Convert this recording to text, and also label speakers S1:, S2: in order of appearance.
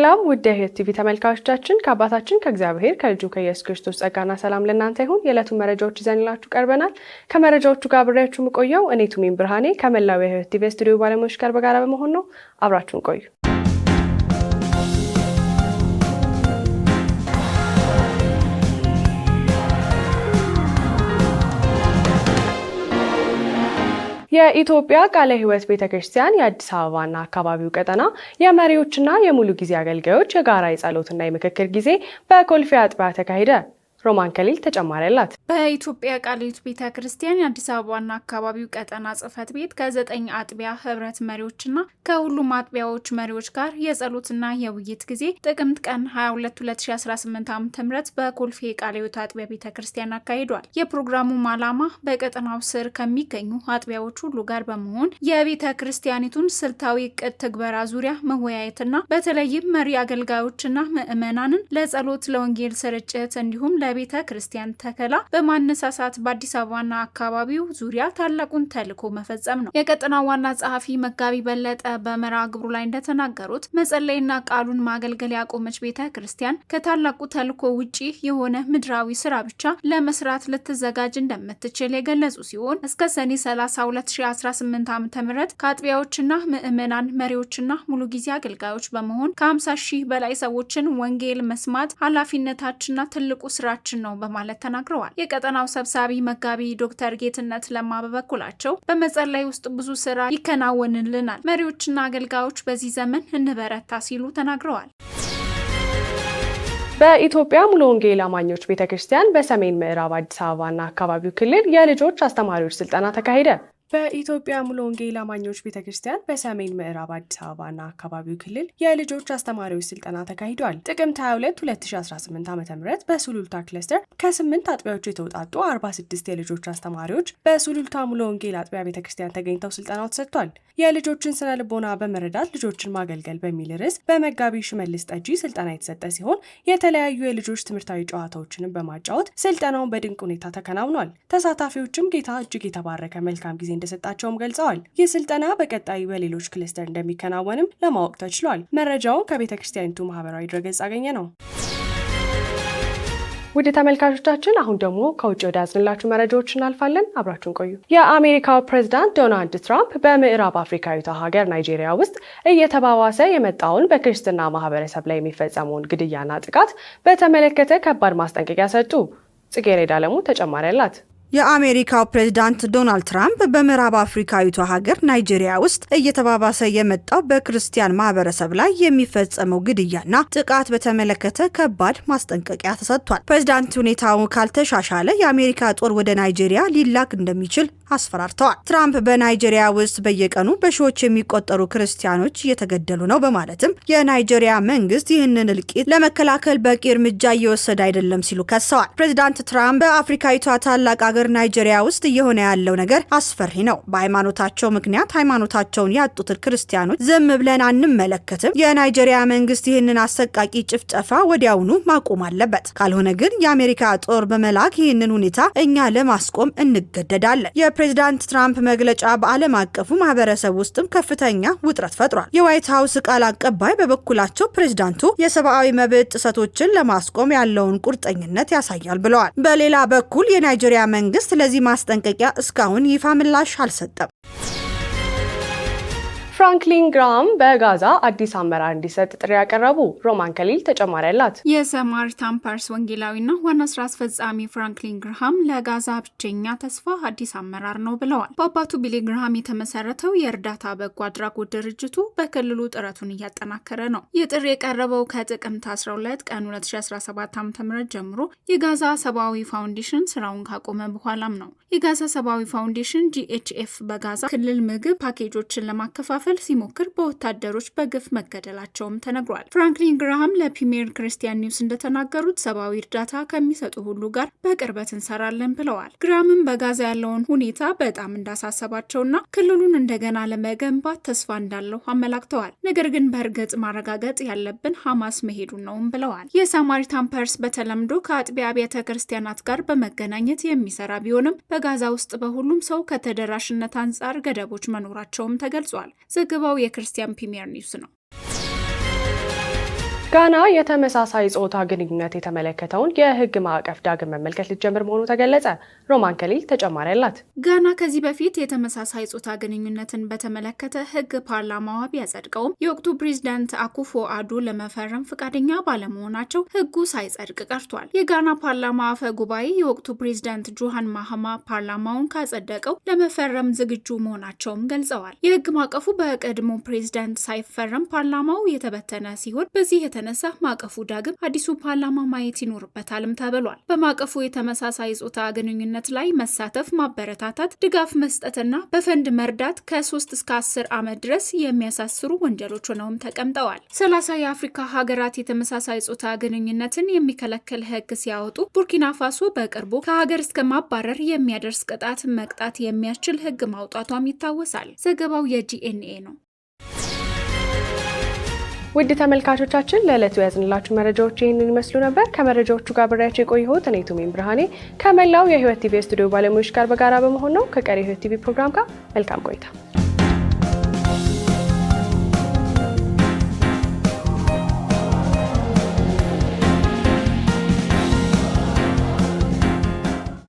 S1: ሰላም ውድ የሕይወት ቲቪ ተመልካዮቻችን ከአባታችን ከእግዚአብሔር ከልጁ ከኢየሱስ ክርስቶስ ጸጋና ሰላም ለእናንተ ይሁን። የዕለቱ መረጃዎች ይዘንላችሁ ቀርበናል። ከመረጃዎቹ ጋር አብሬያችሁ የምቆየው እኔ ቱሜን ብርሃኔ ከመላው የህይወት ቲቪ ስቱዲዮ ባለሙያዎች ጋር በጋራ በመሆን ነው። አብራችሁን ቆዩ። የኢትዮጵያ ቃለ ሕይወት ቤተ ክርስቲያን የአዲስ አበባና አካባቢው ቀጠና የመሪዎችና የሙሉ ጊዜ አገልጋዮች የጋራ የጸሎትና የምክክር ጊዜ በኮልፌ አጥቢያ ተካሄደ። ሮማን ከሊል ተጨማሪ አላት።
S2: በኢትዮጵያ ቃሊት ቤተ ክርስቲያን የአዲስ አበባና አካባቢው ቀጠና ጽህፈት ቤት ከዘጠኝ አጥቢያ ህብረት መሪዎችና ከሁሉም አጥቢያዎች መሪዎች ጋር የጸሎትና የውይይት ጊዜ ጥቅምት ቀን 22 2018 ዓ.ም በኮልፌ ቃሊዮት አጥቢያ ቤተ ክርስቲያን አካሂዷል። የፕሮግራሙም ዓላማ በቀጠናው ስር ከሚገኙ አጥቢያዎች ሁሉ ጋር በመሆን የቤተ ክርስቲያኒቱን ስልታዊ እቅድ ትግበራ ዙሪያ መወያየትና በተለይም መሪ አገልጋዮችና ምዕመናንን ለጸሎት ለወንጌል ስርጭት እንዲሁም ለ ከቤተ ክርስቲያን ተከላ በማነሳሳት በአዲስ አበባና አካባቢው ዙሪያ ታላቁን ተልዕኮ መፈጸም ነው። የቀጠና ዋና ጸሐፊ መጋቢ በለጠ በመራ ግብሩ ላይ እንደተናገሩት መጸለይና ቃሉን ማገልገል ያቆመች ቤተ ክርስቲያን ከታላቁ ተልዕኮ ውጪ የሆነ ምድራዊ ስራ ብቻ ለመስራት ልትዘጋጅ እንደምትችል የገለጹ ሲሆን እስከ ሰኔ 30 2018 ም ከአጥቢያዎችና ምዕመናን መሪዎችና ሙሉ ጊዜ አገልጋዮች በመሆን ከ50 ሺህ በላይ ሰዎችን ወንጌል መስማት ኃላፊነታችንና ትልቁ ስራ ስራችን ነው በማለት ተናግረዋል። የቀጠናው ሰብሳቢ መጋቢ ዶክተር ጌትነት ለማ በበኩላቸው በመጸለይ ውስጥ ብዙ ስራ ይከናወንልናል፣ መሪዎችና አገልጋዮች በዚህ ዘመን እንበረታ ሲሉ ተናግረዋል።
S1: በኢትዮጵያ ሙሉ ወንጌል አማኞች ቤተክርስቲያን በሰሜን ምዕራብ አዲስ አበባና አካባቢው ክልል የልጆች አስተማሪዎች ስልጠና ተካሄደ። በኢትዮጵያ ሙሉ ወንጌል አማኞች ቤተ ክርስቲያን በሰሜን ምዕራብ አዲስ አበባና አካባቢው ክልል የልጆች አስተማሪዎች ስልጠና ተካሂዷል። ጥቅምት 22 2018 ዓ ም በሱሉልታ ክለስተር ከስምንት አጥቢያዎች የተውጣጡ 46 የልጆች አስተማሪዎች በሱሉልታ ሙሉ ወንጌል አጥቢያ ቤተ ክርስቲያን ተገኝተው ስልጠናው ተሰጥቷል። የልጆችን ስነ ልቦና በመረዳት ልጆችን ማገልገል በሚል ርዕስ በመጋቢ ሽመልስ ጠጂ ስልጠና የተሰጠ ሲሆን የተለያዩ የልጆች ትምህርታዊ ጨዋታዎችንም በማጫወት ስልጠናውን በድንቅ ሁኔታ ተከናውኗል። ተሳታፊዎችም ጌታ እጅግ የተባረከ መልካም ጊዜ እንደሰጣቸውም ገልጸዋል። ይህ ስልጠና በቀጣይ በሌሎች ክለስተር እንደሚከናወንም ለማወቅ ተችሏል። መረጃውን ከቤተ ክርስቲያኒቱ ማህበራዊ ድረገጽ አገኘ ነው። ውድ ተመልካቾቻችን አሁን ደግሞ ከውጭ ያዝንላችሁ መረጃዎች እናልፋለን። አብራችሁን ቆዩ። የአሜሪካው ፕሬዝዳንት ዶናልድ ትራምፕ በምዕራብ አፍሪካዊቷ ሀገር ናይጄሪያ ውስጥ እየተባባሰ የመጣውን በክርስትና ማህበረሰብ ላይ የሚፈጸመውን ግድያና ጥቃት በተመለከተ ከባድ ማስጠንቀቂያ ሰጡ። ጽጌሬዳ አለሙ ተጨማሪ አላት።
S3: የአሜሪካው ፕሬዝዳንት ዶናልድ ትራምፕ በምዕራብ አፍሪካዊቷ ሀገር ናይጄሪያ ውስጥ እየተባባሰ የመጣው በክርስቲያን ማህበረሰብ ላይ የሚፈጸመው ግድያና ጥቃት በተመለከተ ከባድ ማስጠንቀቂያ ተሰጥቷል። ፕሬዚዳንት ሁኔታው ካልተሻሻለ የአሜሪካ ጦር ወደ ናይጄሪያ ሊላክ እንደሚችል አስፈራርተዋል። ትራምፕ በናይጄሪያ ውስጥ በየቀኑ በሺዎች የሚቆጠሩ ክርስቲያኖች እየተገደሉ ነው በማለትም የናይጄሪያ መንግስት ይህንን እልቂት ለመከላከል በቂ እርምጃ እየወሰደ አይደለም ሲሉ ከሰዋል። ፕሬዚዳንት ትራምፕ በአፍሪካዊቷ ታላቅ አገር ናይጄሪያ ውስጥ እየሆነ ያለው ነገር አስፈሪ ነው። በሃይማኖታቸው ምክንያት ሃይማኖታቸውን ያጡትን ክርስቲያኖች ዝም ብለን አንመለከትም። የናይጄሪያ መንግስት ይህንን አሰቃቂ ጭፍጨፋ ወዲያውኑ ማቆም አለበት። ካልሆነ ግን የአሜሪካ ጦር በመላክ ይህንን ሁኔታ እኛ ለማስቆም እንገደዳለን። የፕሬዚዳንት ትራምፕ መግለጫ በዓለም አቀፉ ማህበረሰብ ውስጥም ከፍተኛ ውጥረት ፈጥሯል። የዋይት ሀውስ ቃል አቀባይ በበኩላቸው ፕሬዚዳንቱ የሰብአዊ መብት ጥሰቶችን ለማስቆም ያለውን ቁርጠኝነት ያሳያል ብለዋል። በሌላ በኩል የናይጄሪያ መንግስት ለዚህ ማስጠንቀቂያ እስካሁን ይፋ ምላሽ አልሰጠም።
S1: ፍራንክሊን ግራም በጋዛ አዲስ አመራር እንዲሰጥ ጥሪ ያቀረቡ። ሮማን ከሊል ተጨማሪ አላት።
S2: የሰማሪታን ፐርስ ወንጌላዊና ዋና ስራ አስፈጻሚ ፍራንክሊን ግርሃም ለጋዛ ብቸኛ ተስፋ አዲስ አመራር ነው ብለዋል። በአባቱ ቢሊ ግርሃም የተመሰረተው የእርዳታ በጎ አድራጎት ድርጅቱ በክልሉ ጥረቱን እያጠናከረ ነው። ይህ ጥሪ የቀረበው ከጥቅምት 12 ቀን 2017 ዓ.ም ጀምሮ የጋዛ ሰብአዊ ፋውንዴሽን ስራውን ካቆመ በኋላም ነው። የጋዛ ሰብአዊ ፋውንዴሽን ጂኤችኤፍ በጋዛ ክልል ምግብ ፓኬጆችን ለማከፋፈል ለመከላከል ሲሞክር በወታደሮች በግፍ መገደላቸውም ተነግሯል። ፍራንክሊን ግራሃም ለፕሪሚየር ክርስቲያን ኒውስ እንደተናገሩት ሰብአዊ እርዳታ ከሚሰጡ ሁሉ ጋር በቅርበት እንሰራለን ብለዋል። ግራሃምም በጋዛ ያለውን ሁኔታ በጣም እንዳሳሰባቸውና ክልሉን እንደገና ለመገንባት ተስፋ እንዳለው አመላክተዋል። ነገር ግን በእርግጥ ማረጋገጥ ያለብን ሐማስ መሄዱን ነውም ብለዋል። የሳማሪታን ፐርስ በተለምዶ ከአጥቢያ አብያተ ክርስቲያናት ጋር በመገናኘት የሚሰራ ቢሆንም በጋዛ ውስጥ በሁሉም ሰው ከተደራሽነት አንጻር ገደቦች መኖራቸውም ተገልጿል። ዘገባው የክርስቲያን ፕሪሚየር ኒውስ ነው።
S1: ጋና የተመሳሳይ ጾታ ግንኙነት የተመለከተውን የሕግ ማዕቀፍ ዳግም መመልከት ልትጀምር መሆኑ ተገለጸ። ሮማን ከሊ ተጨማሪ አላት። ጋና ከዚህ በፊት የተመሳሳይ ጾታ ግንኙነትን በተመለከተ ሕግ ፓርላማዋ ቢያጸድቀውም የወቅቱ ፕሬዚዳንት አኩፎ አዱ ለመፈረም ፈቃደኛ ባለመሆናቸው ሕጉ ሳይጸድቅ ቀርቷል። የጋና ፓርላማ አፈ ጉባኤ የወቅቱ ፕሬዚዳንት ጆሃን ማህማ ፓርላማውን ካጸደቀው ለመፈረም ዝግጁ መሆናቸውም ገልጸዋል። የሕግ ማዕቀፉ በቀድሞ ፕሬዚዳንት ሳይፈረም ፓርላማው የተበተነ ሲሆን በዚህ የተነሳ ማዕቀፉ ዳግም አዲሱ ፓርላማ ማየት ይኖርበታልም ተብሏል። በማዕቀፉ የተመሳሳይ ጾታ ግንኙነት ላይ መሳተፍ ማበረታታት፣ ድጋፍ መስጠትና በፈንድ መርዳት ከ3 እስከ 10 ዓመት ድረስ የሚያሳስሩ ወንጀሎች ሆነውም ተቀምጠዋል። ሰላሳ የአፍሪካ ሀገራት የተመሳሳይ ጾታ ግንኙነትን የሚከለክል ሕግ ሲያወጡ ቡርኪና ፋሶ በቅርቡ ከሀገር እስከ ማባረር የሚያደርስ ቅጣት መቅጣት የሚያስችል ሕግ ማውጣቷም ይታወሳል። ዘገባው የጂኤንኤ ነው። ውድ ተመልካቾቻችን ለዕለቱ ያዝንላችሁ መረጃዎች ይህንን ይመስሉ ነበር። ከመረጃዎቹ ጋር ብሬያቸው የቆየሁት እኔ ቱሜን ብርሃኔ ከመላው የህይወት ቲቪ ስቱዲዮ ባለሙያዎች ጋር በጋራ በመሆን ነው። ከቀሪ የህይወት ቲቪ ፕሮግራም ጋር መልካም ቆይታ